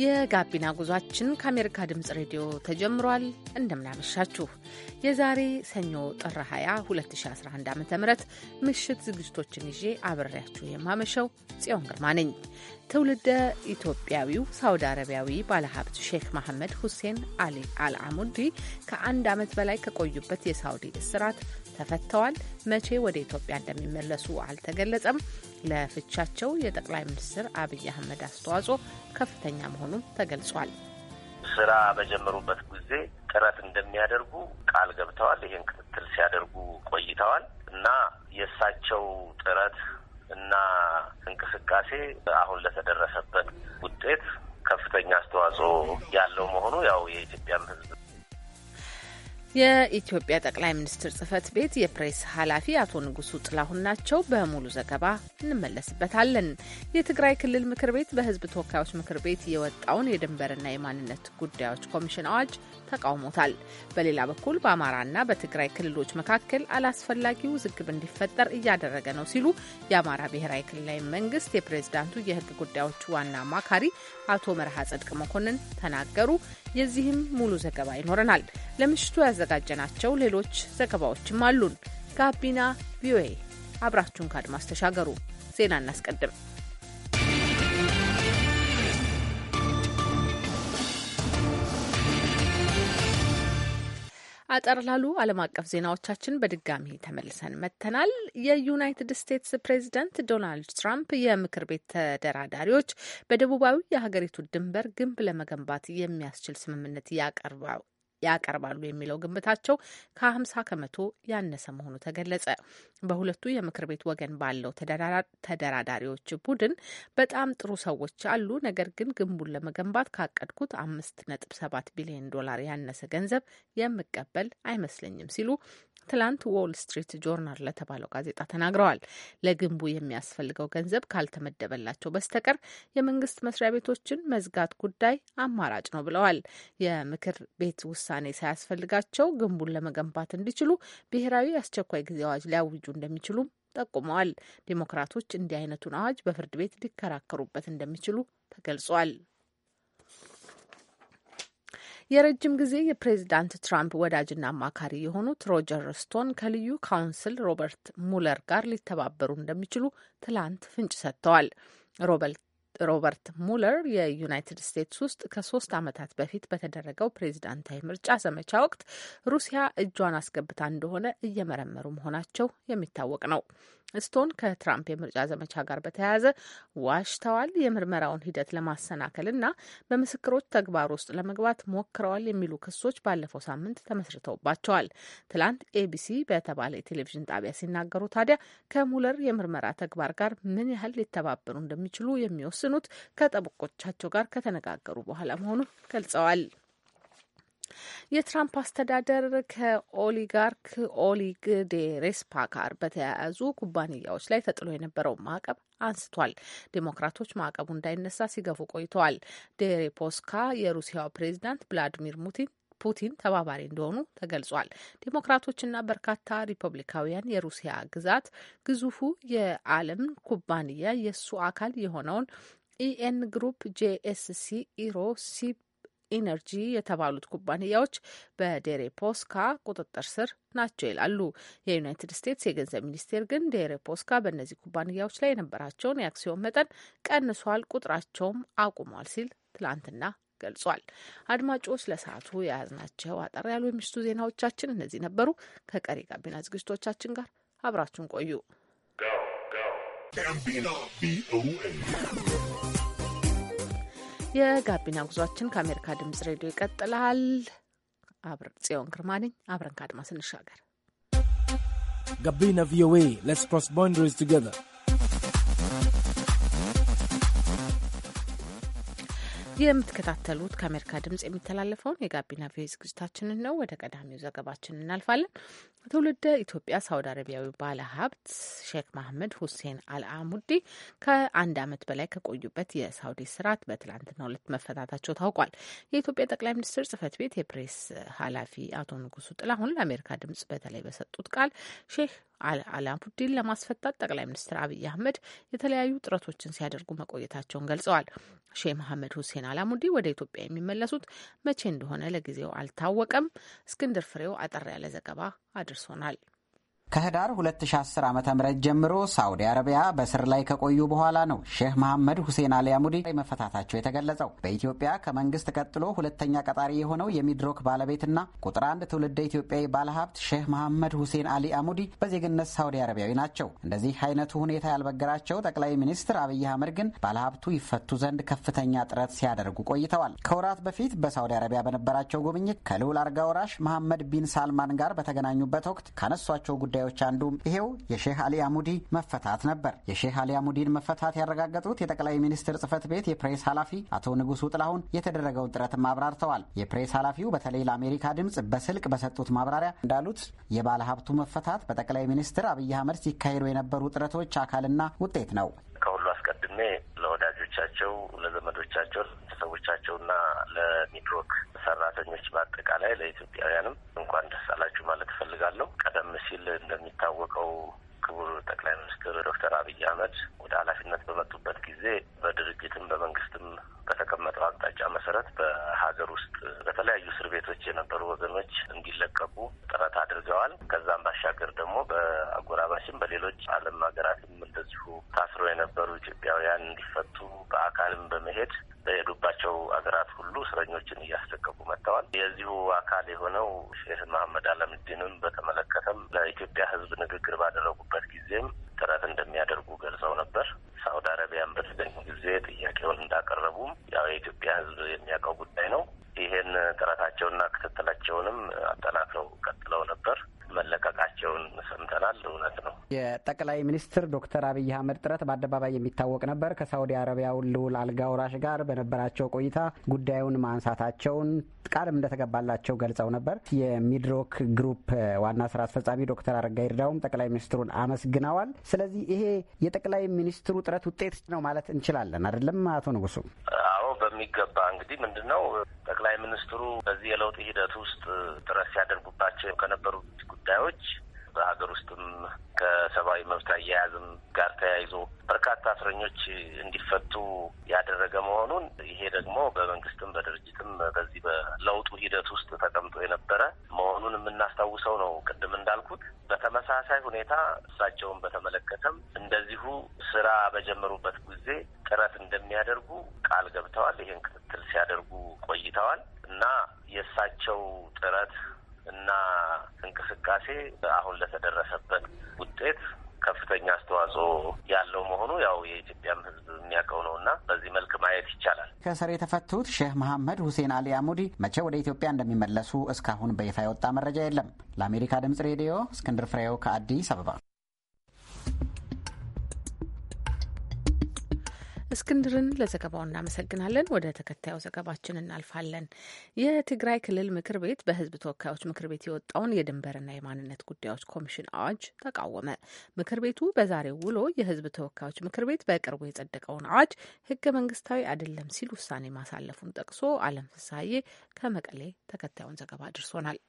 የጋቢና ጉዟችን ከአሜሪካ ድምጽ ሬዲዮ ተጀምሯል። እንደምናመሻችሁ የዛሬ ሰኞ ጥር 20 2011 ዓ ም ምሽት ዝግጅቶችን ይዤ አብሬያችሁ የማመሸው ጽዮን ግርማ ነኝ። ትውልደ ኢትዮጵያዊው ሳውዲ አረቢያዊ ባለሀብት ሼክ መሐመድ ሁሴን አሊ አልአሙዲ ከአንድ ዓመት በላይ ከቆዩበት የሳውዲ እስራት ተፈተዋል። መቼ ወደ ኢትዮጵያ እንደሚመለሱ አልተገለጸም። ለፍቻቸው የጠቅላይ ሚኒስትር አብይ አህመድ አስተዋጽኦ ከፍተኛ መሆኑም ተገልጿል። ስራ በጀመሩበት ጊዜ ጥረት እንደሚያደርጉ ቃል ገብተዋል። ይህን ክትትል ሲያደርጉ ቆይተዋል እና የእሳቸው ጥረት እና እንቅስቃሴ አሁን ለተደረሰበት ውጤት ከፍተኛ አስተዋጽኦ ያለው መሆኑ ያው የኢትዮጵያም ሕዝብ የኢትዮጵያ ጠቅላይ ሚኒስትር ጽህፈት ቤት የፕሬስ ኃላፊ አቶ ንጉሱ ጥላሁን ናቸው። በሙሉ ዘገባ እንመለስበታለን። የትግራይ ክልል ምክር ቤት በህዝብ ተወካዮች ምክር ቤት የወጣውን የድንበርና የማንነት ጉዳዮች ኮሚሽን አዋጅ ተቃውሞታል። በሌላ በኩል በአማራና በትግራይ ክልሎች መካከል አላስፈላጊ ውዝግብ እንዲፈጠር እያደረገ ነው ሲሉ የአማራ ብሔራዊ ክልላዊ መንግስት የፕሬዝዳንቱ የህግ ጉዳዮች ዋና አማካሪ አቶ መርሃ ጽድቅ መኮንን ተናገሩ። የዚህም ሙሉ ዘገባ ይኖረናል። ለምሽቱ ያዘጋጀናቸው ሌሎች ዘገባዎችም አሉን። ጋቢና ቪኦኤ አብራችሁን ከአድማስ ተሻገሩ። ዜና እናስቀድም። አጠር ላሉ ዓለም አቀፍ ዜናዎቻችን በድጋሚ ተመልሰን መጥተናል። የዩናይትድ ስቴትስ ፕሬዚደንት ዶናልድ ትራምፕ የምክር ቤት ተደራዳሪዎች በደቡባዊ የሀገሪቱ ድንበር ግንብ ለመገንባት የሚያስችል ስምምነት ያቀርባሉ የሚለው ግምታቸው ከ50 ከመቶ ያነሰ መሆኑ ተገለጸ። በሁለቱ የምክር ቤት ወገን ባለው ተደራዳሪዎች ቡድን በጣም ጥሩ ሰዎች አሉ፣ ነገር ግን ግንቡን ለመገንባት ካቀድኩት አምስት ነጥብ ሰባት ቢሊዮን ዶላር ያነሰ ገንዘብ የምቀበል አይመስለኝም ሲሉ ትላንት ዎል ስትሪት ጆርናል ለተባለው ጋዜጣ ተናግረዋል። ለግንቡ የሚያስፈልገው ገንዘብ ካልተመደበላቸው በስተቀር የመንግስት መስሪያ ቤቶችን መዝጋት ጉዳይ አማራጭ ነው ብለዋል። የምክር ቤት ውሳኔ ሳያስፈልጋቸው ግንቡን ለመገንባት እንዲችሉ ብሔራዊ አስቸኳይ ጊዜ አዋጅ ሊያውጁ እንደሚችሉም ጠቁመዋል። ዴሞክራቶች እንዲህ አይነቱን አዋጅ በፍርድ ቤት ሊከራከሩበት እንደሚችሉ ተገልጿል። የረጅም ጊዜ የፕሬዚዳንት ትራምፕ ወዳጅና አማካሪ የሆኑት ሮጀር ስቶን ከልዩ ካውንስል ሮበርት ሙለር ጋር ሊተባበሩ እንደሚችሉ ትላንት ፍንጭ ሰጥተዋል። ሮበርት ሮበርት ሙለር የዩናይትድ ስቴትስ ውስጥ ከሶስት ዓመታት በፊት በተደረገው ፕሬዚዳንታዊ ምርጫ ዘመቻ ወቅት ሩሲያ እጇን አስገብታ እንደሆነ እየመረመሩ መሆናቸው የሚታወቅ ነው። ስቶን ከትራምፕ የምርጫ ዘመቻ ጋር በተያያዘ ዋሽተዋል፣ የምርመራውን ሂደት ለማሰናከል እና በምስክሮች ተግባር ውስጥ ለመግባት ሞክረዋል የሚሉ ክሶች ባለፈው ሳምንት ተመስርተውባቸዋል። ትላንት ኤቢሲ በተባለ የቴሌቪዥን ጣቢያ ሲናገሩ ታዲያ ከሙለር የምርመራ ተግባር ጋር ምን ያህል ሊተባበሩ እንደሚችሉ የሚወስ የሚወስኑት ከጠበቆቻቸው ጋር ከተነጋገሩ በኋላ መሆኑን ገልጸዋል። የትራምፕ አስተዳደር ከኦሊጋርክ ኦሊግ ዴሬስፓ ጋር በተያያዙ ኩባንያዎች ላይ ተጥሎ የነበረውን ማዕቀብ አንስቷል። ዴሞክራቶች ማዕቀቡ እንዳይነሳ ሲገፉ ቆይተዋል። ዴሬፖስካ የሩሲያው ፕሬዚዳንት ቭላዲሚር ፑቲን ፑቲን ተባባሪ እንደሆኑ ተገልጿል። ዴሞክራቶችና በርካታ ሪፐብሊካውያን የሩሲያ ግዛት ግዙፉ የዓለም ኩባንያ የእሱ አካል የሆነውን ኢኤን ግሩፕ ጄኤስሲ ኢሮ ሲ ኢነርጂ የተባሉት ኩባንያዎች በዴሬፖስካ ቁጥጥር ስር ናቸው ይላሉ። የዩናይትድ ስቴትስ የገንዘብ ሚኒስቴር ግን ዴሬፖስካ በእነዚህ ኩባንያዎች ላይ የነበራቸውን የአክሲዮን መጠን ቀንሷል፣ ቁጥራቸውም አቁሟል ሲል ትላንትና ገልጿል። አድማጮች ለሰዓቱ የያዝናቸው አጠር ያሉ የምሽቱ ዜናዎቻችን እነዚህ ነበሩ። ከቀሪ ጋቢና ዝግጅቶቻችን ጋር አብራችሁን ቆዩ። የጋቢና ጉዟችን ከአሜሪካ ድምጽ ሬዲዮ ይቀጥላል። አብር ጽዮን ግርማ ነኝ። አብረን ከአድማስ እንሻገር። ጋቢና ቪኦኤ ሌትስ ክሮስ ባውንደሪስ ቱጌዘር የምትከታተሉት ከአሜሪካ ድምጽ የሚተላለፈውን የጋቢና ቪ ዝግጅታችንን ነው። ወደ ቀዳሚው ዘገባችን እናልፋለን። ትውልደ ኢትዮጵያ ሳውዲ አረቢያዊ ባለ ሀብት ሼክ መሐመድ ሁሴን አልአሙዲ ከአንድ ዓመት በላይ ከቆዩበት የሳውዲ ስርዓት በትላንትናው ዕለት መፈታታቸው ታውቋል። የኢትዮጵያ ጠቅላይ ሚኒስትር ጽህፈት ቤት የፕሬስ ኃላፊ አቶ ንጉሱ ጥላሁን ለአሜሪካ ድምጽ በተለይ በሰጡት ቃል ሼክ አላሙዲን ለማስፈታት ጠቅላይ ሚኒስትር አብይ አህመድ የተለያዩ ጥረቶችን ሲያደርጉ መቆየታቸውን ገልጸዋል። ሼህ መሐመድ ሁሴን አላሙዲ ወደ ኢትዮጵያ የሚመለሱት መቼ እንደሆነ ለጊዜው አልታወቀም። እስክንድር ፍሬው አጠር ያለ ዘገባ አድርሶናል። ከህዳር 2010 ዓ ም ጀምሮ ሳውዲ አረቢያ በስር ላይ ከቆዩ በኋላ ነው ሼህ መሐመድ ሁሴን አልያሙዲ አሙዲ መፈታታቸው የተገለጸው። በኢትዮጵያ ከመንግስት ቀጥሎ ሁለተኛ ቀጣሪ የሆነው የሚድሮክ ባለቤትና ቁጥር አንድ ትውልደ ኢትዮጵያዊ ባለሀብት ሼህ መሐመድ ሁሴን አሊ አሙዲ በዜግነት ሳውዲ አረቢያዊ ናቸው። እንደዚህ አይነቱ ሁኔታ ያልበገራቸው ጠቅላይ ሚኒስትር አብይ አህመድ ግን ባለሀብቱ ይፈቱ ዘንድ ከፍተኛ ጥረት ሲያደርጉ ቆይተዋል። ከወራት በፊት በሳውዲ አረቢያ በነበራቸው ጉብኝት ከልዑል አልጋ ወራሽ መሐመድ ቢን ሳልማን ጋር በተገናኙበት ወቅት ካነሷቸው ጉዳይ ጉዳዮች አንዱ ይሄው የሼህ አሊ አሙዲ መፈታት ነበር። የሼህ አሊ አሙዲን መፈታት ያረጋገጡት የጠቅላይ ሚኒስትር ጽህፈት ቤት የፕሬስ ኃላፊ አቶ ንጉሱ ጥላሁን የተደረገውን ጥረትም አብራርተዋል። የፕሬስ ኃላፊው በተለይ ለአሜሪካ ድምፅ በስልክ በሰጡት ማብራሪያ እንዳሉት የባለ ሀብቱ መፈታት በጠቅላይ ሚኒስትር አብይ አህመድ ሲካሄዱ የነበሩ ጥረቶች አካልና ውጤት ነው። አስቀድሜ ለወዳጆቻቸው፣ ለዘመዶቻቸው፣ ለቤተሰቦቻቸውና ለሚድሮክ ሰራተኞች በአጠቃላይ ለኢትዮጵያውያንም እንኳን ደስ አላችሁ ማለት እፈልጋለሁ። ቀደም ሲል እንደሚታወቀው ክቡር ጠቅላይ ሚኒስትር ዶክተር አብይ አህመድ ወደ ኃላፊነት በመጡበት ጊዜ በድርጅትም በመንግስትም በተቀመጠው አቅጣጫ መሰረት በሀገር ውስጥ በተለያዩ እስር ቤቶች የነበሩ ወገኖች እንዲለቀቁ ጥረ ሚኒስትር ዶክተር አብይ አህመድ ጥረት በአደባባይ የሚታወቅ ነበር። ከሳውዲ አረቢያው ልዑል አልጋ ወራሽ ጋር በነበራቸው ቆይታ ጉዳዩን ማንሳታቸውን ቃልም እንደተገባላቸው ገልጸው ነበር። የሚድሮክ ግሩፕ ዋና ስራ አስፈጻሚ ዶክተር አረጋ ይርዳውም ጠቅላይ ሚኒስትሩን አመስግነዋል። ስለዚህ ይሄ የጠቅላይ ሚኒስትሩ ጥረት ውጤት ነው ማለት እንችላለን አይደለም? አቶ ንጉሱ? አዎ በሚገባ እንግዲህ ምንድን ነው ጠቅላይ ሚኒስትሩ በዚህ የለውጥ ሂደት ውስጥ ጥረት ሲያደርጉባቸው ከነበሩት ጉዳዮች በሀገር ውስጥም ከሰብአዊ መብት አያያዝም ጋር ተያይዞ በርካታ እስረኞች እንዲፈቱ ያደረገ መሆኑን ይሄ ደግሞ በመንግስትም በድርጅትም በዚህ በለውጡ ሂደት ውስጥ ተቀምጦ የነበረ መሆኑን የምናስታውሰው ነው። ቅድም እንዳልኩት በተመሳሳይ ሁኔታ እሳቸውን በተመለከተም እንደዚሁ ስራ በጀመሩበት ጊዜ ጥረት እንደሚያደርጉ ቃል ገብተዋል። ይህን ክትትል ሲያደርጉ ቆይተዋል እና የእሳቸው ጥረት እና እንቅስቃሴ አሁን ለተደረሰበት ውጤት ከፍተኛ አስተዋጽኦ ያለው መሆኑ ያው የኢትዮጵያም ሕዝብ የሚያውቀው ነው እና በዚህ መልክ ማየት ይቻላል። ከእስር የተፈቱት ሼህ መሐመድ ሁሴን አሊ አሙዲ መቼ ወደ ኢትዮጵያ እንደሚመለሱ እስካሁን በይፋ የወጣ መረጃ የለም። ለአሜሪካ ድምጽ ሬዲዮ እስክንድር ፍሬው ከአዲስ አበባ እስክንድርን ለዘገባው እናመሰግናለን። ወደ ተከታዩ ዘገባችን እናልፋለን። የትግራይ ክልል ምክር ቤት በህዝብ ተወካዮች ምክር ቤት የወጣውን የድንበርና የማንነት ጉዳዮች ኮሚሽን አዋጅ ተቃወመ። ምክር ቤቱ በዛሬው ውሎ የህዝብ ተወካዮች ምክር ቤት በቅርቡ የጸደቀውን አዋጅ ህገ መንግስታዊ አይደለም ሲል ውሳኔ ማሳለፉን ጠቅሶ አለም ፍሳዬ ከመቀሌ ተከታዩን ዘገባ አድርሶናል።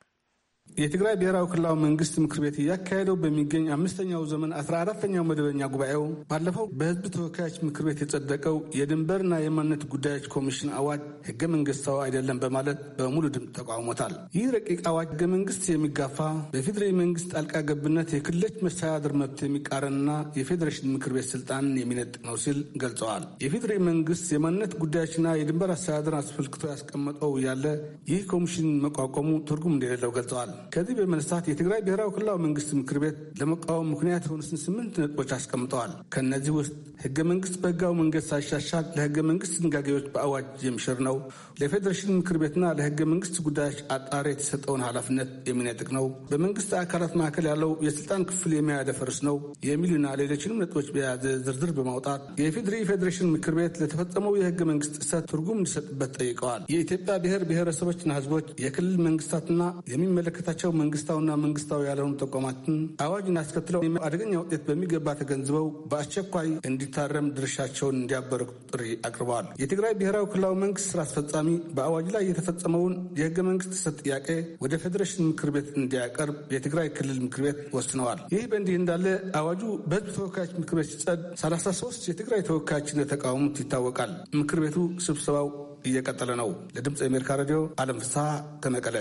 የትግራይ ብሔራዊ ክልላዊ መንግስት ምክር ቤት እያካሄደው በሚገኝ አምስተኛው ዘመን አስራ አራተኛው መደበኛ ጉባኤው ባለፈው በህዝብ ተወካዮች ምክር ቤት የጸደቀው የድንበርና የማንነት ጉዳዮች ኮሚሽን አዋጅ ህገ መንግስታዊ አይደለም በማለት በሙሉ ድምፅ ተቃውሞታል። ይህ ረቂቅ አዋጅ ህገ መንግስት የሚጋፋ በፌዴራዊ መንግስት ጣልቃ ገብነት የክልሎች መስተዳድር መብት የሚቃረንና የፌዴሬሽን ምክር ቤት ስልጣንን የሚነጥቅ ነው ሲል ገልጸዋል። የፌዴራዊ መንግስት የማንነት ጉዳዮችና የድንበር አስተዳደር አስመልክቶ ያስቀመጠው ያለ ይህ ኮሚሽን መቋቋሙ ትርጉም እንደሌለው ገልጸዋል። ከዚህ በመነሳት የትግራይ ብሔራዊ ክልላዊ መንግስት ምክር ቤት ለመቃወም ምክንያት የሆኑትን ስምንት ነጥቦች አስቀምጠዋል። ከእነዚህ ውስጥ ህገ መንግስት በህጋዊ መንገድ ሳይሻሻል ለህገ መንግስት ድንጋጌዎች በአዋጅ የሚሽር ነው፣ ለፌዴሬሽን ምክር ቤትና ለህገ መንግስት ጉዳዮች አጣሪ የተሰጠውን ኃላፊነት የሚነጥቅ ነው፣ በመንግስት አካላት መካከል ያለው የስልጣን ክፍል የሚያደፈርስ ነው የሚሉና ሌሎችንም ነጥቦች በያዘ ዝርዝር በማውጣት የፌዴሪ ፌዴሬሽን ምክር ቤት ለተፈጸመው የህገ መንግስት ጥሰት ትርጉም እንዲሰጥበት ጠይቀዋል። የኢትዮጵያ ብሔር ብሔረሰቦችና ህዝቦች የክልል መንግስታትና የሚመለከታ መንግስታቸው መንግስታዊና መንግስታዊ ያልሆኑ ተቋማትን አዋጅን አስከትለው አደገኛ ውጤት በሚገባ ተገንዝበው በአስቸኳይ እንዲታረም ድርሻቸውን እንዲያበረክቱ ጥሪ አቅርበዋል። የትግራይ ብሔራዊ ክልላዊ መንግስት ስራ አስፈጻሚ በአዋጅ ላይ የተፈጸመውን የህገ መንግስት ጥሰት ጥያቄ ወደ ፌዴሬሽን ምክር ቤት እንዲያቀርብ የትግራይ ክልል ምክር ቤት ወስነዋል። ይህ በእንዲህ እንዳለ አዋጁ በህዝብ ተወካዮች ምክር ቤት ሲጸድ 33 የትግራይ ተወካዮች እንደተቃወሙት ይታወቃል። ምክር ቤቱ ስብሰባው እየቀጠለ ነው። ለድምፅ የአሜሪካ ሬዲዮ አለም ፍስሐ ከመቀለ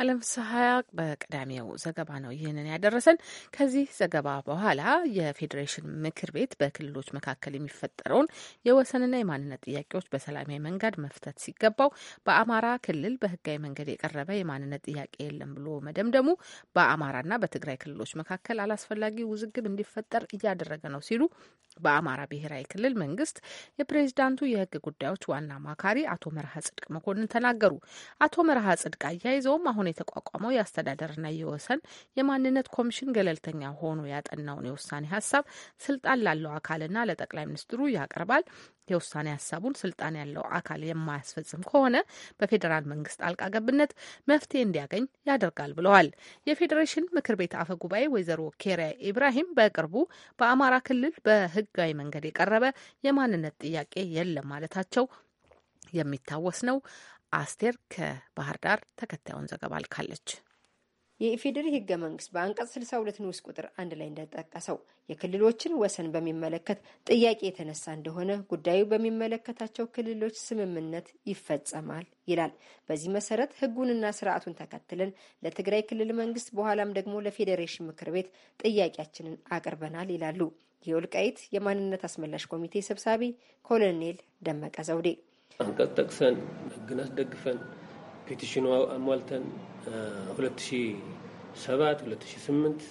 አለም ሰሀያቅ በቀዳሚው ዘገባ ነው ይህንን ያደረሰን። ከዚህ ዘገባ በኋላ የፌዴሬሽን ምክር ቤት በክልሎች መካከል የሚፈጠረውን የወሰንና የማንነት ጥያቄዎች በሰላማዊ መንገድ መፍታት ሲገባው በአማራ ክልል በህጋዊ መንገድ የቀረበ የማንነት ጥያቄ የለም ብሎ መደምደሙ በአማራና በትግራይ ክልሎች መካከል አላስፈላጊ ውዝግብ እንዲፈጠር እያደረገ ነው ሲሉ በአማራ ብሔራዊ ክልል መንግስት የፕሬዚዳንቱ የህግ ጉዳዮች ዋና አማካሪ አቶ መርሃ ጽድቅ መኮንን ተናገሩ። አቶ መርሃ ጽድቅ አያይዘውም አሁን አሁን የተቋቋመው የአስተዳደርና የወሰን የማንነት ኮሚሽን ገለልተኛ ሆኖ ያጠናውን የውሳኔ ሀሳብ ስልጣን ላለው አካልና ለጠቅላይ ሚኒስትሩ ያቀርባል። የውሳኔ ሀሳቡን ስልጣን ያለው አካል የማያስፈጽም ከሆነ በፌዴራል መንግስት ጣልቃ ገብነት መፍትሄ እንዲያገኝ ያደርጋል ብለዋል። የፌዴሬሽን ምክር ቤት አፈ ጉባኤ ወይዘሮ ኬሪያ ኢብራሂም በቅርቡ በአማራ ክልል በህጋዊ መንገድ የቀረበ የማንነት ጥያቄ የለም ማለታቸው የሚታወስ ነው። አስቴር ከባህር ዳር ተከታዩን ዘገባ አልካለች። የኢፌዴሪ ህገ መንግስት በአንቀጽ 62 ንዑስ ቁጥር አንድ ላይ እንደጠቀሰው የክልሎችን ወሰን በሚመለከት ጥያቄ የተነሳ እንደሆነ ጉዳዩ በሚመለከታቸው ክልሎች ስምምነት ይፈጸማል ይላል። በዚህ መሰረት ህጉንና ስርዓቱን ተከትለን ለትግራይ ክልል መንግስት በኋላም ደግሞ ለፌዴሬሽን ምክር ቤት ጥያቄያችንን አቅርበናል ይላሉ የወልቃይት የማንነት አስመላሽ ኮሚቴ ሰብሳቢ ኮሎኔል ደመቀ ዘውዴ አንቀጽ ጠቅሰን ህግን አስደግፈን ፔቲሽኑ አሟልተን 2007 2008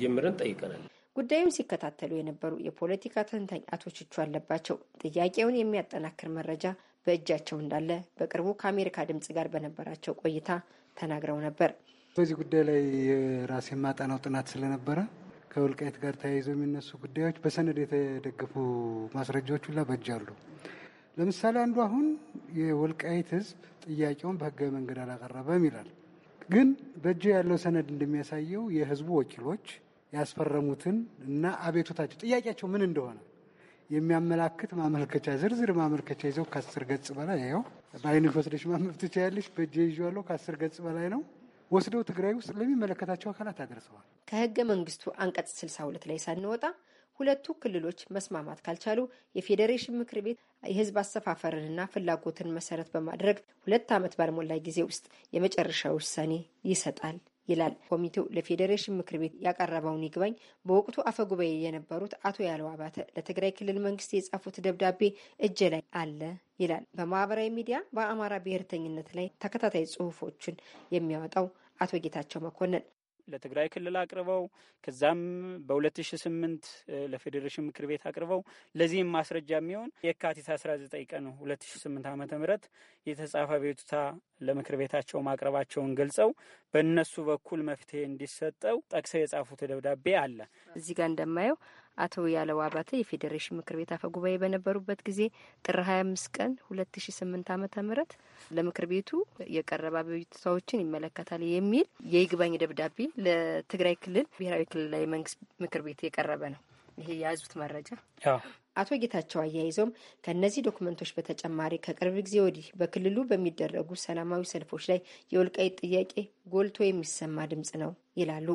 ጀምረን ጠይቀናል። ጉዳዩን ሲከታተሉ የነበሩ የፖለቲካ ተንታኝ አቶ ችቹ አለባቸው ጥያቄውን የሚያጠናክር መረጃ በእጃቸው እንዳለ በቅርቡ ከአሜሪካ ድምጽ ጋር በነበራቸው ቆይታ ተናግረው ነበር። በዚህ ጉዳይ ላይ ራሴ የማጠናው ጥናት ስለነበረ ከውልቃይት ጋር ተያይዘው የሚነሱ ጉዳዮች በሰነድ የተደገፉ ማስረጃዎች ሁላ በእጅ አሉ። ለምሳሌ አንዱ አሁን የወልቃይት ህዝብ ጥያቄውን በህጋዊ መንገድ አላቀረበም ይላል። ግን በእጅ ያለው ሰነድ እንደሚያሳየው የህዝቡ ወኪሎች ያስፈረሙትን እና አቤቱታቸው ጥያቄያቸው ምን እንደሆነ የሚያመላክት ማመልከቻ ዝርዝር ማመልከቻ ይዘው ከአስር ገጽ በላይ ያው በአይን ወስደሽ ማመብ ትችያለሽ። በእጅ ይዤዋለሁ። ከአስር ገጽ በላይ ነው። ወስደው ትግራይ ውስጥ ለሚመለከታቸው አካላት አድርሰዋል። ከህገ መንግስቱ አንቀጽ 62 ላይ ሳንወጣ ሁለቱ ክልሎች መስማማት ካልቻሉ የፌዴሬሽን ምክር ቤት የህዝብ አሰፋፈርንና ፍላጎትን መሰረት በማድረግ ሁለት ዓመት ባልሞላ ጊዜ ውስጥ የመጨረሻ ውሳኔ ይሰጣል ይላል ኮሚቴው ለፌዴሬሽን ምክር ቤት ያቀረበውን ይግባኝ በወቅቱ አፈ ጉባኤ የነበሩት አቶ ያለው አባተ ለትግራይ ክልል መንግስት የጻፉት ደብዳቤ እጀ ላይ አለ ይላል። በማህበራዊ ሚዲያ በአማራ ብሔርተኝነት ላይ ተከታታይ ጽሁፎችን የሚያወጣው አቶ ጌታቸው መኮንን ለትግራይ ክልል አቅርበው ከዛም በ2008 ለፌዴሬሽን ምክር ቤት አቅርበው ለዚህም ማስረጃ የሚሆን የካቲት 19 ቀን 2008 ዓ ም የተጻፈ ቤቱታ ለምክር ቤታቸው ማቅረባቸውን ገልጸው በእነሱ በኩል መፍትሄ እንዲሰጠው ጠቅሰው የጻፉት ደብዳቤ አለ እዚህ ጋር እንደማየው አቶ ያለው አባተ የፌዴሬሽን ምክር ቤት አፈ ጉባኤ በነበሩበት ጊዜ ጥር 25 ቀን 2008 ዓ.ም ለምክር ቤቱ የቀረበ አቤቱታዎችን ይመለከታል የሚል የይግባኝ ደብዳቤ ለትግራይ ክልል ብሔራዊ ክልላዊ መንግስት ምክር ቤት የቀረበ ነው። ይሄ የያዙት መረጃ አቶ ጌታቸው አያይዘውም ከእነዚህ ዶክመንቶች በተጨማሪ ከቅርብ ጊዜ ወዲህ በክልሉ በሚደረጉ ሰላማዊ ሰልፎች ላይ የወልቃይት ጥያቄ ጎልቶ የሚሰማ ድምጽ ነው ይላሉ።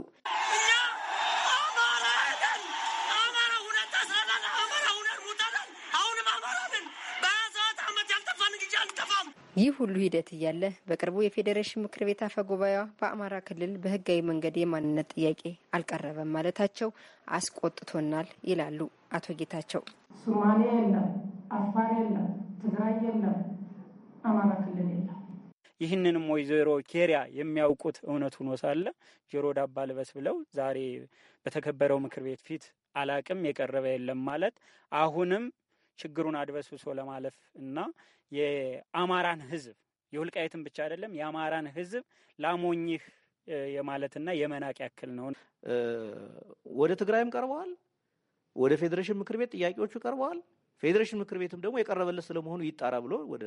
ይህ ሁሉ ሂደት እያለ በቅርቡ የፌዴሬሽን ምክር ቤት አፈ ጉባኤዋ በአማራ ክልል በህጋዊ መንገድ የማንነት ጥያቄ አልቀረበም ማለታቸው አስቆጥቶናል ይላሉ አቶ ጌታቸው። ሶማሌ የለም፣ አፋር የለም፣ ትግራይ የለም፣ አማራ ክልል የለም። ይህንንም ወይዘሮ ኬሪያ የሚያውቁት እውነት ሆኖ ሳለ ጆሮ ዳባ ልበስ ብለው ዛሬ በተከበረው ምክር ቤት ፊት አላቅም የቀረበ የለም ማለት አሁንም ችግሩን አድበስብሶ ለማለፍ እና የአማራን ህዝብ የወልቃይትን ብቻ አይደለም የአማራን ህዝብ ላሞኝህ የማለትና የመናቅ ያክል ነው። ወደ ትግራይም ቀርበዋል። ወደ ፌዴሬሽን ምክር ቤት ጥያቄዎቹ ቀርበዋል። ፌዴሬሽን ምክር ቤትም ደግሞ የቀረበለት ስለመሆኑ ይጣራ ብሎ ወደ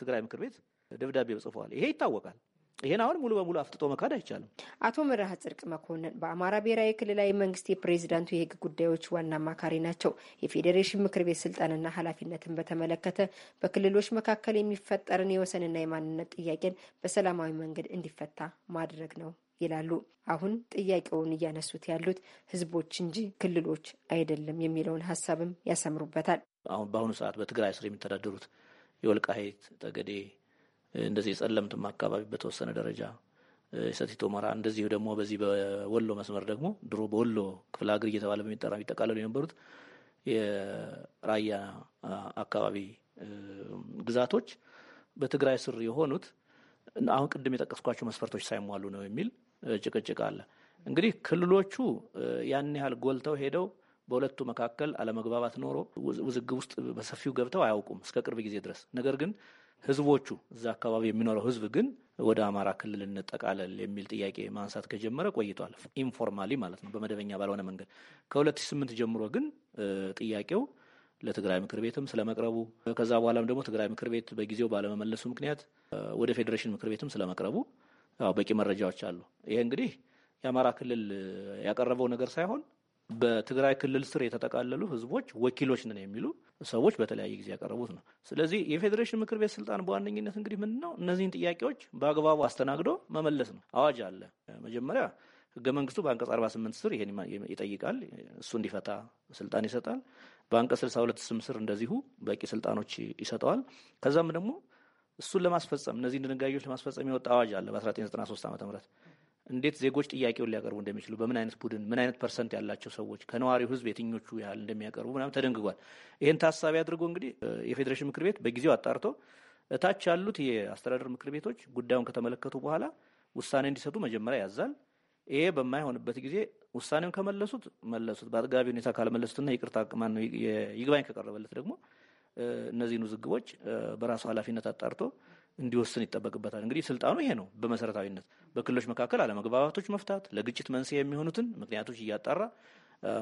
ትግራይ ምክር ቤት ደብዳቤ ጽፏል። ይሄ ይታወቃል። ይሄን አሁን ሙሉ በሙሉ አፍጥጦ መካድ አይቻልም። አቶ መርሃ ጽድቅ መኮንን በአማራ ብሔራዊ ክልላዊ መንግስት የፕሬዚዳንቱ የህግ ጉዳዮች ዋና አማካሪ ናቸው። የፌዴሬሽን ምክር ቤት ስልጣንና ኃላፊነትን በተመለከተ በክልሎች መካከል የሚፈጠርን የወሰንና የማንነት ጥያቄን በሰላማዊ መንገድ እንዲፈታ ማድረግ ነው ይላሉ። አሁን ጥያቄውን እያነሱት ያሉት ህዝቦች እንጂ ክልሎች አይደለም የሚለውን ሀሳብም ያሰምሩበታል። አሁን በአሁኑ ሰዓት በትግራይ ስር የሚተዳደሩት የወልቃይት ጠገዴ እንደዚህ የጸለምትም አካባቢ በተወሰነ ደረጃ የሰቲት ሁመራ እንደዚሁ ደግሞ በዚህ በወሎ መስመር ደግሞ ድሮ በወሎ ክፍለ ሀገር እየተባለ በሚጠራ የሚጠቃለሉ የነበሩት የራያ አካባቢ ግዛቶች በትግራይ ስር የሆኑት አሁን ቅድም የጠቀስኳቸው መስፈርቶች ሳይሟሉ ነው የሚል ጭቅጭቅ አለ። እንግዲህ ክልሎቹ ያን ያህል ጎልተው ሄደው በሁለቱ መካከል አለመግባባት ኖሮ ውዝግብ ውስጥ በሰፊው ገብተው አያውቁም እስከ ቅርብ ጊዜ ድረስ። ነገር ግን ህዝቦቹ እዛ አካባቢ የሚኖረው ህዝብ ግን ወደ አማራ ክልል እንጠቃለል የሚል ጥያቄ ማንሳት ከጀመረ ቆይቷል። ኢንፎርማሊ ማለት ነው፣ በመደበኛ ባልሆነ መንገድ ከ2008 ጀምሮ ግን ጥያቄው ለትግራይ ምክር ቤትም ስለመቅረቡ ከዛ በኋላም ደግሞ ትግራይ ምክር ቤት በጊዜው ባለመመለሱ ምክንያት ወደ ፌዴሬሽን ምክር ቤትም ስለመቅረቡ በቂ መረጃዎች አሉ። ይሄ እንግዲህ የአማራ ክልል ያቀረበው ነገር ሳይሆን በትግራይ ክልል ስር የተጠቃለሉ ህዝቦች ወኪሎች ነን የሚሉ ሰዎች በተለያየ ጊዜ ያቀረቡት ነው። ስለዚህ የፌዴሬሽን ምክር ቤት ስልጣን በዋነኝነት እንግዲህ ምንድን ነው እነዚህን ጥያቄዎች በአግባቡ አስተናግዶ መመለስ ነው። አዋጅ አለ። መጀመሪያ ህገ መንግስቱ በአንቀጽ 48 ስር ይሄን ይጠይቃል። እሱ እንዲፈታ ስልጣን ይሰጣል። በአንቀጽ 62 ስም ስር እንደዚሁ በቂ ስልጣኖች ይሰጠዋል። ከዛም ደግሞ እሱን ለማስፈጸም እነዚህን ድንጋጌዎች ለማስፈጸም የወጣ አዋጅ አለ በ1993 ዓ ም እንዴት ዜጎች ጥያቄውን ሊያቀርቡ እንደሚችሉ በምን አይነት ቡድን ምን አይነት ፐርሰንት ያላቸው ሰዎች ከነዋሪው ህዝብ የትኞቹ ያህል እንደሚያቀርቡ ምናምን ተደንግጓል። ይህን ታሳቢ አድርጎ እንግዲህ የፌዴሬሽን ምክር ቤት በጊዜው አጣርቶ እታች ያሉት የአስተዳደር ምክር ቤቶች ጉዳዩን ከተመለከቱ በኋላ ውሳኔ እንዲሰጡ መጀመሪያ ያዛል። ይሄ በማይሆንበት ጊዜ ውሳኔውን ከመለሱት መለሱት፣ በአጥጋቢ ሁኔታ ካለመለሱትና ይቅርታ ማነው ይግባኝ ከቀረበለት ደግሞ እነዚህን ውዝግቦች በራሱ ኃላፊነት አጣርቶ እንዲወስን ይጠበቅበታል። እንግዲህ ስልጣኑ ይሄ ነው። በመሰረታዊነት በክልሎች መካከል አለመግባባቶች መፍታት፣ ለግጭት መንስኤ የሚሆኑትን ምክንያቶች እያጣራ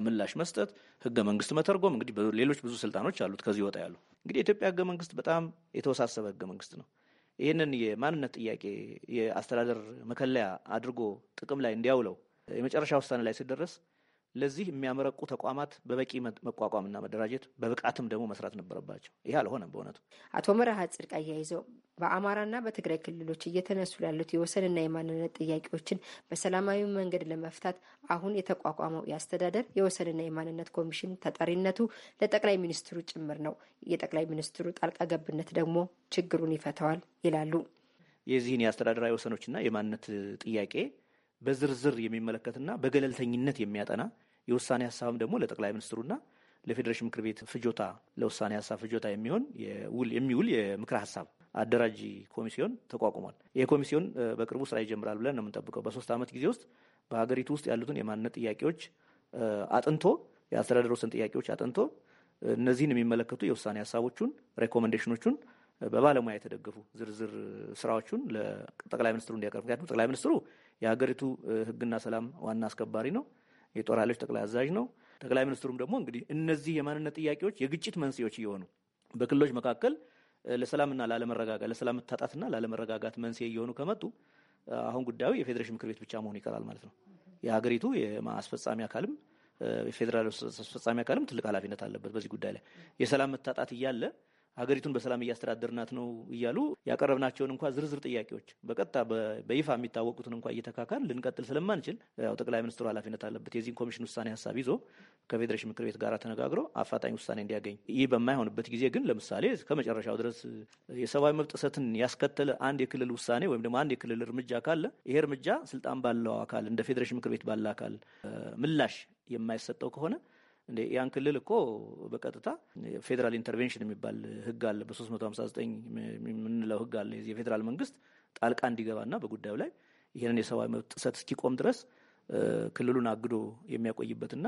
ምላሽ መስጠት፣ ህገ መንግስት መተርጎም፣ እንግዲህ ሌሎች ብዙ ስልጣኖች አሉት። ከዚህ ወጣ ያሉ እንግዲህ የኢትዮጵያ ህገ መንግስት በጣም የተወሳሰበ ህገ መንግስት ነው። ይህንን የማንነት ጥያቄ የአስተዳደር መከለያ አድርጎ ጥቅም ላይ እንዲያውለው የመጨረሻ ውሳኔ ላይ ሲደረስ ለዚህ የሚያመረቁ ተቋማት በበቂ መቋቋምና መደራጀት በብቃትም ደግሞ መስራት ነበረባቸው። ይህ አልሆነም። በእውነቱ አቶ መርሃ ጽድቅ አያይዘው በአማራና በትግራይ ክልሎች እየተነሱ ያሉት የወሰንና የማንነት ጥያቄዎችን በሰላማዊ መንገድ ለመፍታት አሁን የተቋቋመው የአስተዳደር የወሰንና የማንነት ኮሚሽን ተጠሪነቱ ለጠቅላይ ሚኒስትሩ ጭምር ነው። የጠቅላይ ሚኒስትሩ ጣልቃ ገብነት ደግሞ ችግሩን ይፈተዋል ይላሉ። የዚህን የአስተዳደራዊ ወሰኖችና የማንነት ጥያቄ በዝርዝር የሚመለከትና በገለልተኝነት የሚያጠና የውሳኔ ሀሳብም ደግሞ ለጠቅላይ ሚኒስትሩና ለፌዴሬሽን ምክር ቤት ፍጆታ ለውሳኔ ሀሳብ ፍጆታ የሚሆን የሚውል የምክር ሀሳብ አደራጂ ኮሚሲዮን ተቋቁሟል። ይህ ኮሚሲዮን በቅርቡ ስራ ይጀምራል ብለን ነው የምንጠብቀው። በሶስት ዓመት ጊዜ ውስጥ በሀገሪቱ ውስጥ ያሉትን የማንነት ጥያቄዎች አጥንቶ የአስተዳደር ወሰን ጥያቄዎች አጥንቶ እነዚህን የሚመለከቱ የውሳኔ ሀሳቦቹን ሬኮመንዴሽኖቹን በባለሙያ የተደገፉ ዝርዝር ስራዎቹን ለጠቅላይ ሚኒስትሩ እንዲያቀርብ። ምክንያቱም ጠቅላይ ሚኒስትሩ የሀገሪቱ ህግና ሰላም ዋና አስከባሪ ነው። የጦር ኃይሎች ጠቅላይ አዛዥ ነው። ጠቅላይ ሚኒስትሩም ደግሞ እንግዲህ እነዚህ የማንነት ጥያቄዎች የግጭት መንስኤዎች እየሆኑ በክልሎች መካከል ለሰላምና ላለመረጋጋት ለሰላም መታጣትና ላለመረጋጋት መንስኤ እየሆኑ ከመጡ አሁን ጉዳዩ የፌዴሬሽን ምክር ቤት ብቻ መሆኑ ይቀራል ማለት ነው። የሀገሪቱ የአስፈጻሚ አካልም የፌዴራል አስፈጻሚ አካልም ትልቅ ኃላፊነት አለበት በዚህ ጉዳይ ላይ የሰላም መታጣት እያለ ሀገሪቱን በሰላም እያስተዳደርናት ነው እያሉ ያቀረብናቸውን እንኳ ዝርዝር ጥያቄዎች በቀጥታ በይፋ የሚታወቁትን እንኳ እየተካካል ልንቀጥል ስለማንችል ያው ጠቅላይ ሚኒስትሩ ኃላፊነት አለበት የዚህን ኮሚሽን ውሳኔ ሀሳብ ይዞ ከፌዴሬሽን ምክር ቤት ጋር ተነጋግሮ አፋጣኝ ውሳኔ እንዲያገኝ። ይህ በማይሆንበት ጊዜ ግን ለምሳሌ ከመጨረሻው ድረስ የሰብአዊ መብት ጥሰትን ያስከተለ አንድ የክልል ውሳኔ ወይም ደግሞ አንድ የክልል እርምጃ ካለ ይሄ እርምጃ ስልጣን ባለው አካል እንደ ፌዴሬሽን ምክር ቤት ባለ አካል ምላሽ የማይሰጠው ከሆነ እንደ ያን ክልል እኮ በቀጥታ ፌዴራል ኢንተርቬንሽን የሚባል ህግ አለ። በ359 የምንለው ህግ አለ። የፌዴራል መንግስት ጣልቃ እንዲገባና በጉዳዩ ላይ ይህንን የሰብአዊ መብት ጥሰት እስኪቆም ድረስ ክልሉን አግዶ የሚያቆይበትና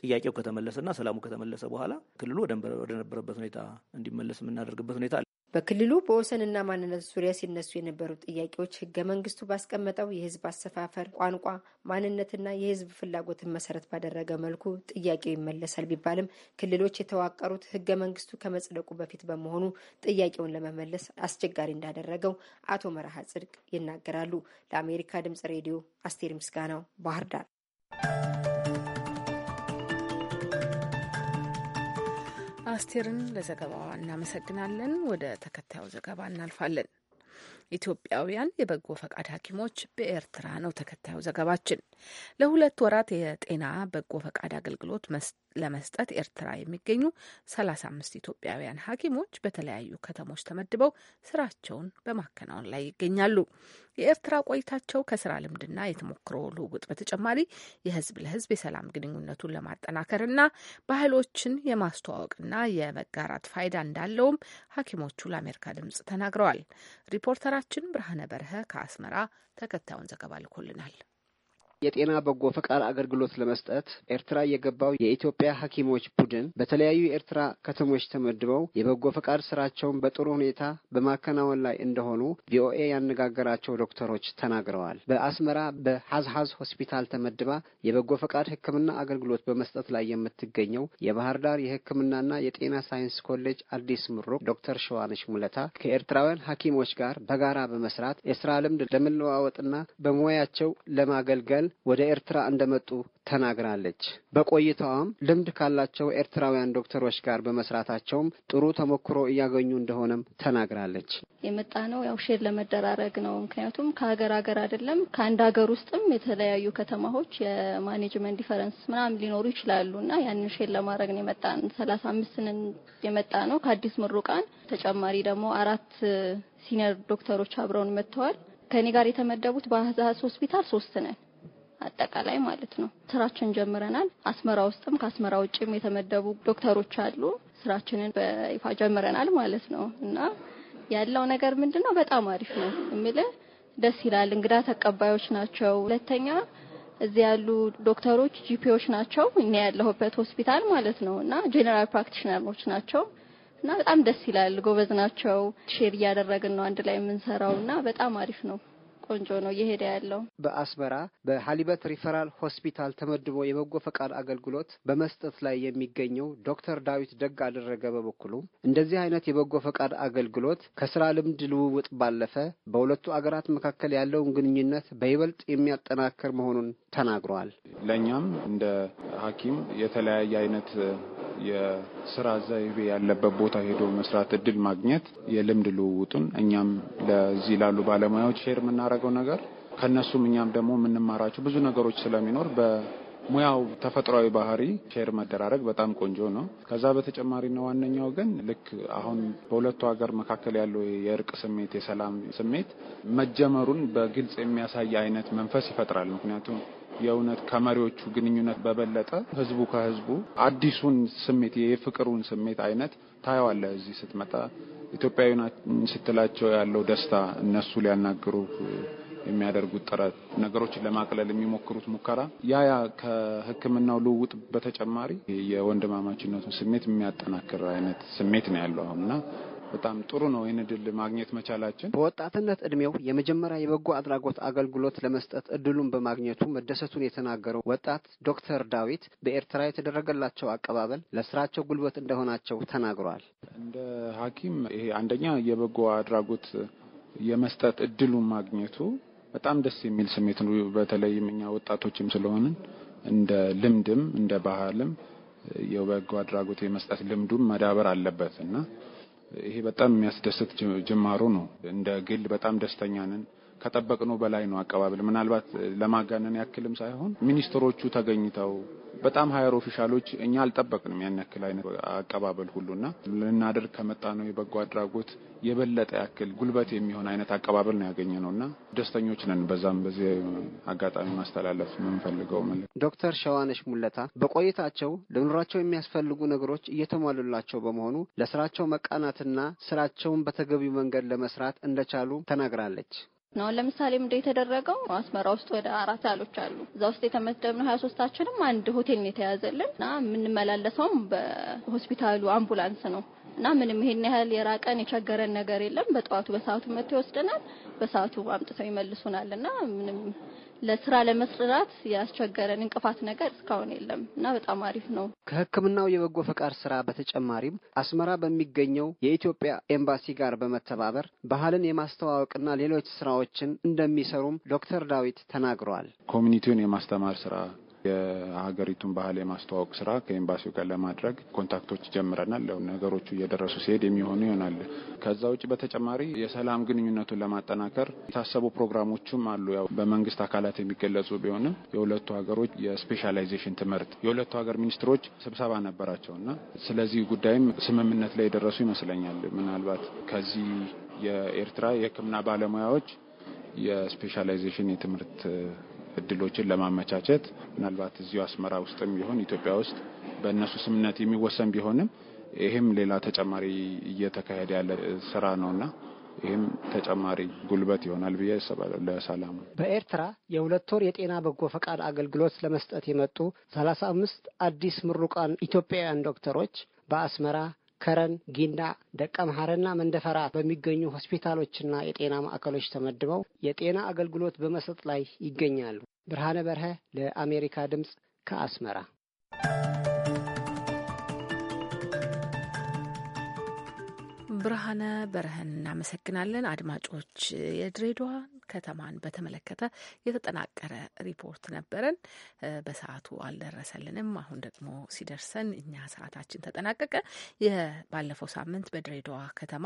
ጥያቄው ከተመለሰና ሰላሙ ከተመለሰ በኋላ ክልሉ ወደነበረበት ሁኔታ እንዲመለስ የምናደርግበት ሁኔታ በክልሉ በወሰንና ማንነት ዙሪያ ሲነሱ የነበሩ ጥያቄዎች ህገ መንግስቱ ባስቀመጠው የህዝብ አሰፋፈር፣ ቋንቋ፣ ማንነትና የህዝብ ፍላጎትን መሰረት ባደረገ መልኩ ጥያቄው ይመለሳል ቢባልም ክልሎች የተዋቀሩት ህገ መንግስቱ ከመጽደቁ በፊት በመሆኑ ጥያቄውን ለመመለስ አስቸጋሪ እንዳደረገው አቶ መርሃ ጽድቅ ይናገራሉ። ለአሜሪካ ድምጽ ሬዲዮ አስቴር ምስጋናው ባህር ዳር። አስቴርን ለዘገባዋ እናመሰግናለን። ወደ ተከታዩ ዘገባ እናልፋለን። ኢትዮጵያውያን የበጎ ፈቃድ ሐኪሞች በኤርትራ ነው ተከታዩ ዘገባችን። ለሁለት ወራት የጤና በጎ ፈቃድ አገልግሎት ለመስጠት ኤርትራ የሚገኙ 35 ኢትዮጵያውያን ሐኪሞች በተለያዩ ከተሞች ተመድበው ስራቸውን በማከናወን ላይ ይገኛሉ። የኤርትራ ቆይታቸው ከስራ ልምድና የተሞክሮ ልውውጥ በተጨማሪ የህዝብ ለህዝብ የሰላም ግንኙነቱን ለማጠናከርና ባህሎችን የማስተዋወቅና የመጋራት ፋይዳ እንዳለውም ሐኪሞቹ ለአሜሪካ ድምጽ ተናግረዋል። ሪፖርተራችን ብርሃነ በረሀ ከአስመራ ተከታዩን ዘገባ ልኮልናል። የጤና በጎ ፈቃድ አገልግሎት ለመስጠት ኤርትራ የገባው የኢትዮጵያ ሐኪሞች ቡድን በተለያዩ የኤርትራ ከተሞች ተመድበው የበጎ ፈቃድ ስራቸውን በጥሩ ሁኔታ በማከናወን ላይ እንደሆኑ ቪኦኤ ያነጋገራቸው ዶክተሮች ተናግረዋል። በአስመራ በሐዝሐዝ ሆስፒታል ተመድባ የበጎ ፈቃድ ሕክምና አገልግሎት በመስጠት ላይ የምትገኘው የባህር ዳር የሕክምናና የጤና ሳይንስ ኮሌጅ አዲስ ምሩቅ ዶክተር ሸዋነች ሙለታ ከኤርትራውያን ሐኪሞች ጋር በጋራ በመስራት የስራ ልምድ ለመለዋወጥና በሙያቸው ለማገልገል ወደ ኤርትራ እንደመጡ ተናግራለች። በቆይታዋም ልምድ ካላቸው ኤርትራውያን ዶክተሮች ጋር በመስራታቸውም ጥሩ ተሞክሮ እያገኙ እንደሆነም ተናግራለች። የመጣ ነው ያው ሼር ለመደራረግ ነው። ምክንያቱም ከሀገር ሀገር አይደለም ከአንድ ሀገር ውስጥም የተለያዩ ከተማዎች የማኔጅመንት ዲፈረንስ ምናምን ሊኖሩ ይችላሉ እና ያንን ሼር ለማድረግ ነው የመጣን። ሰላሳ አምስትንን የመጣ ነው ከአዲስ ምሩቃን ተጨማሪ ደግሞ አራት ሲኒየር ዶክተሮች አብረውን መጥተዋል። ከኔ ጋር የተመደቡት በአዛሀስ ሆስፒታል ሶስት ነን። አጠቃላይ ማለት ነው። ስራችን ጀምረናል። አስመራ ውስጥም ከአስመራ ውጭም የተመደቡ ዶክተሮች አሉ። ስራችንን በይፋ ጀምረናል ማለት ነው እና ያለው ነገር ምንድነው? በጣም አሪፍ ነው የሚል ደስ ይላል። እንግዳ ተቀባዮች ናቸው። ሁለተኛ እዚህ ያሉ ዶክተሮች ጂፒዎች ናቸው። እኔ ያለሁበት ሆስፒታል ማለት ነው እና ጄኔራል ፕራክቲሽነሮች ናቸው እና በጣም ደስ ይላል። ጎበዝ ናቸው። ሼር እያደረግን ነው አንድ ላይ የምንሰራው እና በጣም አሪፍ ነው። ቆንጆ ነው እየሄደ ያለው። በአስመራ በሀሊበት ሪፈራል ሆስፒታል ተመድቦ የበጎ ፈቃድ አገልግሎት በመስጠት ላይ የሚገኘው ዶክተር ዳዊት ደግ አደረገ በበኩሉ እንደዚህ አይነት የበጎ ፈቃድ አገልግሎት ከስራ ልምድ ልውውጥ ባለፈ በሁለቱ አገራት መካከል ያለውን ግንኙነት በይበልጥ የሚያጠናክር መሆኑን ተናግረዋል። ለእኛም እንደ ሐኪም የተለያየ አይነት የስራ ዘይቤ ያለበት ቦታ ሄዶ መስራት እድል ማግኘት የልምድ ልውውጡን እኛም ለዚህ ላሉ ባለሙያዎች ሼር የምናረ የምናደርገው ነገር ከነሱም እኛም ደግሞ የምንማራቸው ብዙ ነገሮች ስለሚኖር በሙያው ተፈጥሯዊ ባህሪ ሼር መደራረግ በጣም ቆንጆ ነው። ከዛ በተጨማሪ ነው ዋነኛው ግን ልክ አሁን በሁለቱ ሀገር መካከል ያለው የእርቅ ስሜት፣ የሰላም ስሜት መጀመሩን በግልጽ የሚያሳይ አይነት መንፈስ ይፈጥራል። ምክንያቱም የእውነት ከመሪዎቹ ግንኙነት በበለጠ ህዝቡ ከህዝቡ አዲሱን ስሜት የፍቅሩን ስሜት አይነት ታየዋለህ እዚህ ስትመጣ ኢትዮጵያዊ ስትላቸው ያለው ደስታ እነሱ ሊያናግሩ የሚያደርጉት ጥረት ነገሮችን ለማቅለል የሚሞክሩት ሙከራ ያ ያ ከሕክምናው ልውውጥ በተጨማሪ የወንድማማችነቱ ስሜት የሚያጠናክር አይነት ስሜት ነው ያለው አሁን እና በጣም ጥሩ ነው ይህን እድል ማግኘት መቻላችን። በወጣትነት እድሜው የመጀመሪያ የበጎ አድራጎት አገልግሎት ለመስጠት እድሉን በማግኘቱ መደሰቱን የተናገረው ወጣት ዶክተር ዳዊት በኤርትራ የተደረገላቸው አቀባበል ለስራቸው ጉልበት እንደሆናቸው ተናግሯል። እንደ ሐኪም ይሄ አንደኛ የበጎ አድራጎት የመስጠት እድሉን ማግኘቱ በጣም ደስ የሚል ስሜት ነው። በተለይም እኛ ወጣቶችም ስለሆንን እንደ ልምድም እንደ ባህልም የበጎ አድራጎት የመስጠት ልምዱም መዳበር አለበት እና ይሄ በጣም የሚያስደስት ጅማሮ ነው። እንደ ግል በጣም ደስተኛ ነን። ከጠበቅነው በላይ ነው አቀባበል። ምናልባት ለማጋነን ያክልም ሳይሆን ሚኒስትሮቹ ተገኝተው በጣም ሀየር ኦፊሻሎች እኛ አልጠበቅንም ያን ያክል አይነት አቀባበል ሁሉና ልናደርግ ከመጣ ነው የበጎ አድራጎት የበለጠ ያክል ጉልበት የሚሆን አይነት አቀባበል ነው ያገኘ ነው እና ደስተኞች ነን። በዛም በዚህ አጋጣሚ ማስተላለፍ የምንፈልገው መልዕክት ዶክተር ሸዋነሽ ሙለታ በቆይታቸው ለኑሯቸው የሚያስፈልጉ ነገሮች እየተሟሉላቸው በመሆኑ ለስራቸው መቃናትና ስራቸውን በተገቢው መንገድ ለመስራት እንደቻሉ ተናግራለች። ነው። ለምሳሌ ምንድን የተደረገው አስመራ ውስጥ ወደ አራት ሆቴሎች አሉ። እዛ ውስጥ የተመደብነው ሀያ ሶስታችንም አንድ ሆቴል ነው የተያዘልን እና የምንመላለሰውም በሆስፒታሉ አምቡላንስ ነው እና ምንም ይሄን ያህል የራቀን የቸገረን ነገር የለም። በጠዋቱ በሰዓቱ መጥተው ይወስደናል፣ በሰዓቱ አምጥተው ይመልሱናል እና ምንም ለስራ ለመስራት ያስቸገረን እንቅፋት ነገር እስካሁን የለም እና በጣም አሪፍ ነው። ከሕክምናው የበጎ ፈቃድ ስራ በተጨማሪም አስመራ በሚገኘው የኢትዮጵያ ኤምባሲ ጋር በመተባበር ባህልን የማስተዋወቅና ሌሎች ስራዎችን እንደሚሰሩም ዶክተር ዳዊት ተናግረዋል። ኮሚኒቲውን የማስተማር ስራ የሀገሪቱን ባህል የማስተዋወቅ ስራ ከኤምባሲው ጋር ለማድረግ ኮንታክቶች ጀምረናል። ነገሮቹ እየደረሱ ሲሄድ የሚሆኑ ይሆናል። ከዛ ውጭ በተጨማሪ የሰላም ግንኙነቱን ለማጠናከር የታሰቡ ፕሮግራሞችም አሉ። ያው በመንግስት አካላት የሚገለጹ ቢሆንም የሁለቱ ሀገሮች የስፔሻላይዜሽን ትምህርት የሁለቱ ሀገር ሚኒስትሮች ስብሰባ ነበራቸው እና ስለዚህ ጉዳይም ስምምነት ላይ የደረሱ ይመስለኛል። ምናልባት ከዚህ የኤርትራ የሕክምና ባለሙያዎች የስፔሻላይዜሽን የትምህርት እድሎችን ለማመቻቸት ምናልባት እዚሁ አስመራ ውስጥም ቢሆን ኢትዮጵያ ውስጥ በእነሱ ስምነት የሚወሰን ቢሆንም ይህም ሌላ ተጨማሪ እየተካሄደ ያለ ስራ ነውና ይህም ተጨማሪ ጉልበት ይሆናል ብዬ ለሰላሙ በኤርትራ የሁለት ወር የጤና በጎ ፈቃድ አገልግሎት ለመስጠት የመጡ ሰላሳ አምስት አዲስ ምሩቃን ኢትዮጵያውያን ዶክተሮች በአስመራ ከረን፣ ጊንዳ፣ ደቀ መሐርና መንደፈራ በሚገኙ ሆስፒታሎችና የጤና ማዕከሎች ተመድበው የጤና አገልግሎት በመሰጥ ላይ ይገኛሉ። ብርሃነ በርሀ ለአሜሪካ ድምፅ ከአስመራ ብርሃነ በረህን እናመሰግናለን። አድማጮች የድሬዳዋ ከተማን በተመለከተ የተጠናቀረ ሪፖርት ነበረን፣ በሰዓቱ አልደረሰልንም። አሁን ደግሞ ሲደርሰን እኛ ሰዓታችን ተጠናቀቀ። ባለፈው ሳምንት በድሬዳዋ ከተማ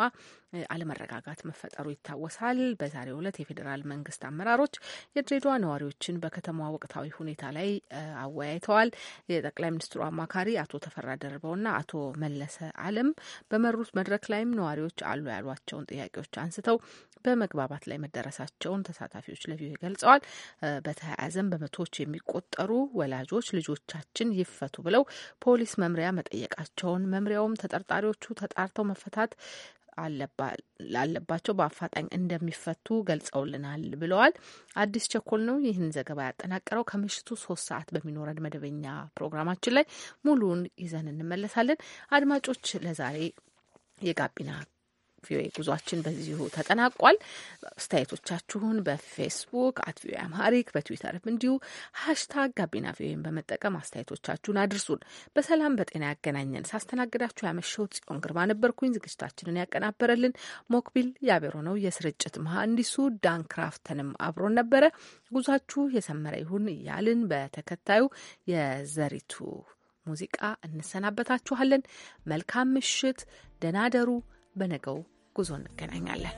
አለመረጋጋት መፈጠሩ ይታወሳል። በዛሬው ዕለት የፌዴራል መንግስት አመራሮች የድሬዳዋ ነዋሪዎችን በከተማዋ ወቅታዊ ሁኔታ ላይ አወያይተዋል። የጠቅላይ ሚኒስትሩ አማካሪ አቶ ተፈራ ደርበውና አቶ መለሰ አለም በመሩት መድረክ ላይም ነዋ ነዋሪዎች አሉ ያሏቸውን ጥያቄዎች አንስተው በመግባባት ላይ መደረሳቸውን ተሳታፊዎች ለቪኦኤ ገልጸዋል። በተያያዘም በመቶዎች የሚቆጠሩ ወላጆች ልጆቻችን ይፈቱ ብለው ፖሊስ መምሪያ መጠየቃቸውን መምሪያውም ተጠርጣሪዎቹ ተጣርተው መፈታት ላለባቸው በአፋጣኝ እንደሚፈቱ ገልጸውልናል ብለዋል። አዲስ ቸኮል ነው ይህን ዘገባ ያጠናቀረው። ከምሽቱ ሶስት ሰዓት በሚኖረን መደበኛ ፕሮግራማችን ላይ ሙሉን ይዘን እንመለሳለን። አድማጮች ለዛሬ የጋቢና ቪኦኤ ጉዟችን በዚሁ ተጠናቋል። አስተያየቶቻችሁን በፌስቡክ አት ቪኦኤ አምሃሪክ በትዊተርም እንዲሁ ሀሽታግ ጋቢና ቪኦኤን በመጠቀም አስተያየቶቻችሁን አድርሱን። በሰላም በጤና ያገናኘን። ሳስተናግዳችሁ ያመሸው ጽዮን ግርማ ነበርኩኝ። ዝግጅታችንን ያቀናበረልን ሞክቢል ያቤሮ ነው። የስርጭት መሐንዲሱ ዳን አብሮን ነበረ። ጉዟችሁ የሰመረ ይሁን እያልን በተከታዩ የዘሪቱ ሙዚቃ እንሰናበታችኋለን። መልካም ምሽት፣ ደናደሩ። በነገው ጉዞ እንገናኛለን።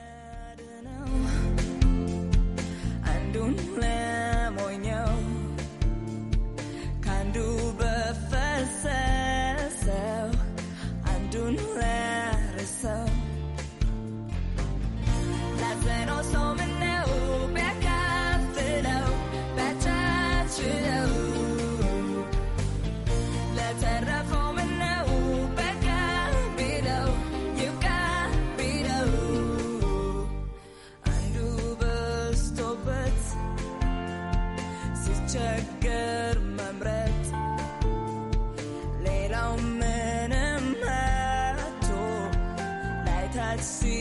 see